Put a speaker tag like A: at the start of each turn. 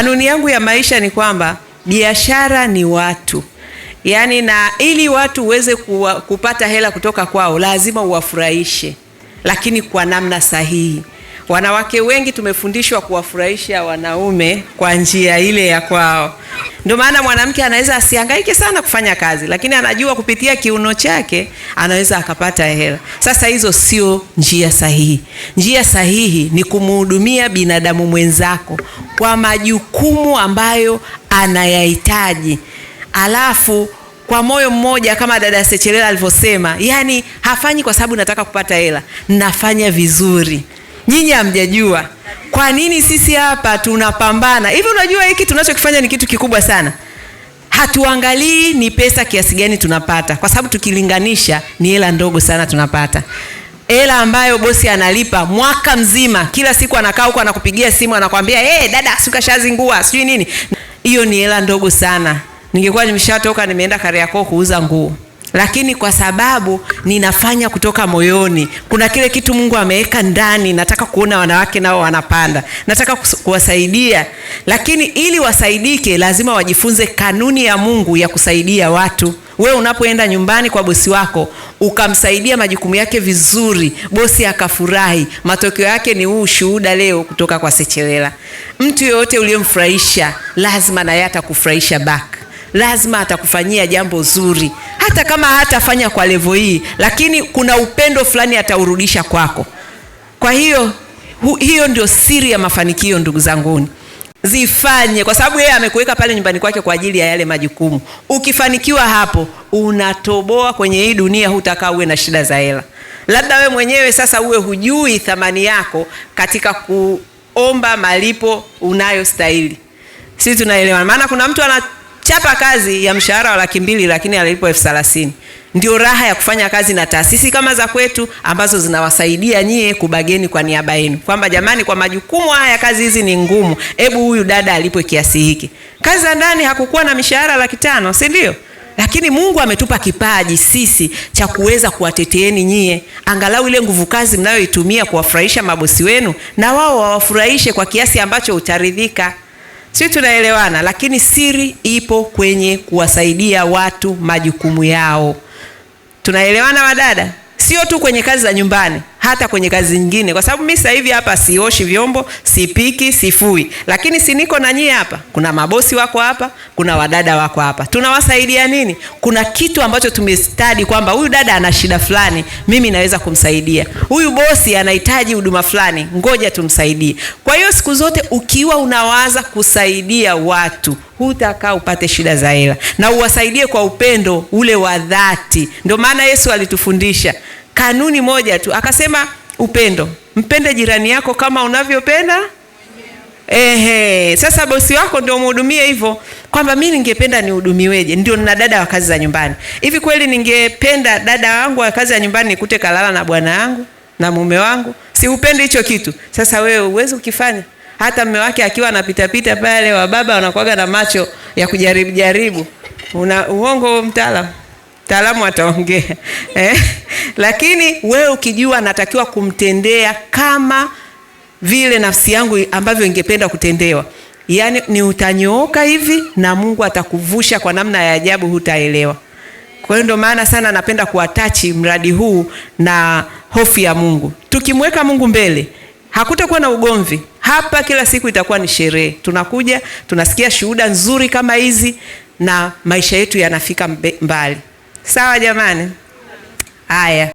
A: Kanuni yangu ya maisha ni kwamba biashara ni watu, yaani na ili watu uweze kuwa, kupata hela kutoka kwao lazima uwafurahishe, lakini kwa namna sahihi. Wanawake wengi tumefundishwa kuwafurahisha wanaume kwa njia ile ya kwao ndio maana mwanamke anaweza asihangaike sana kufanya kazi, lakini anajua kupitia kiuno chake anaweza akapata hela. Sasa hizo sio njia sahihi. Njia sahihi ni kumhudumia binadamu mwenzako kwa majukumu ambayo anayahitaji, alafu kwa moyo mmoja, kama dada Sechelela alivyosema, yani hafanyi kwa sababu nataka kupata hela, nafanya vizuri nyinyi hamjajua kwa nini sisi hapa tunapambana hivi. Unajua hiki tunachokifanya ni kitu kikubwa sana. Hatuangalii ni pesa kiasi gani tunapata, kwa sababu tukilinganisha ni hela ndogo sana tunapata hela ambayo bosi analipa mwaka mzima, kila siku anakaa huko anakupigia simu anakwambia, hey, eh, dada sikashazingua sijui nini. Hiyo ni hela ndogo sana. Ningekuwa nimeshatoka nimeenda Kariakoo kuuza nguo lakini kwa sababu ninafanya kutoka moyoni, kuna kile kitu Mungu ameweka ndani. Nataka kuona wanawake nao wanapanda, nataka kuwasaidia, lakini ili wasaidike, lazima wajifunze kanuni ya Mungu ya kusaidia watu. Wewe unapoenda nyumbani kwa bosi wako ukamsaidia majukumu yake vizuri, bosi akafurahi, matokeo yake ni huu shuhuda leo kutoka kwa Sechelela. Mtu yoyote uliyemfurahisha lazima naye atakufurahisha back, lazima atakufanyia jambo zuri hata kama hatafanya kwa levo hii, lakini kuna upendo fulani ataurudisha kwako. Kwa hiyo hu, hiyo ndio siri ya mafanikio ndugu zanguni, zifanye kwa sababu yeye amekuweka pale nyumbani kwake kwa ajili ya yale majukumu. Ukifanikiwa hapo, unatoboa kwenye hii dunia, hutakaa uwe na shida za hela. Labda we mwenyewe sasa uwe hujui thamani yako katika kuomba malipo unayostahili. Sisi tunaelewana, maana kuna mtu ana alichapa kazi ya mshahara wa laki mbili lakini alilipwa elfu thelathini. Ndio raha ya kufanya kazi na taasisi kama za kwetu ambazo zinawasaidia nyie kubageni kwa niaba yenu, kwamba jamani, kwa majukumu haya kazi hizi ni ngumu, hebu huyu dada alipwe kiasi hiki. Kazi za ndani hakukuwa na mishahara laki tano, si ndio? Lakini Mungu ametupa kipaji sisi cha kuweza kuwateteeni nyie, angalau ile nguvu kazi mnayoitumia kuwafurahisha mabosi wenu, na wao wawafurahishe kwa kiasi ambacho utaridhika si tunaelewana? Lakini siri ipo kwenye kuwasaidia watu majukumu yao. Tunaelewana wadada? Sio tu kwenye kazi za nyumbani, hata kwenye kazi nyingine, kwa sababu mimi sasa hivi hapa sioshi vyombo, sipiki, sifui, lakini si niko na nyie hapa. Kuna mabosi wako hapa, kuna wadada wako hapa, tunawasaidia nini? Kuna kitu ambacho tumestadi kwamba huyu dada ana shida fulani, mimi naweza kumsaidia. Huyu bosi anahitaji huduma fulani, ngoja tumsaidie. Kwa hiyo siku zote ukiwa unawaza kusaidia watu hutakaa upate shida za hela, na uwasaidie kwa upendo ule wa dhati. Ndio maana Yesu alitufundisha kanuni moja tu, akasema upendo, mpende jirani yako kama unavyopenda Ehe, sasa bosi wako ndio umhudumie hivyo, kwamba mi ningependa nihudumiweje? Ndio nina dada wa kazi za nyumbani. Hivi kweli ningependa dada wangu wa kazi za nyumbani nikute kalala na bwana wangu na mume wangu? Si upendi hicho kitu? Sasa wewe uwezi ukifanya, hata mume wake akiwa pita pale, wababa wanakuaga na macho ya kujaribu jaribu. Una uongo mtaalamu mtaalamu ataongea eh? Lakini wewe ukijua natakiwa kumtendea kama vile nafsi yangu ambavyo ingependa kutendewa, yani ni utanyooka hivi na Mungu atakuvusha kwa namna ya ajabu, hutaelewa. Kwa hiyo ndio maana sana napenda kuatachi mradi huu na hofu ya Mungu. Tukimweka Mungu mbele hakutakuwa na ugomvi hapa, kila siku itakuwa ni sherehe. Tunakuja tunasikia shuhuda nzuri kama hizi, na maisha yetu yanafika mbali. Sawa jamani, haya.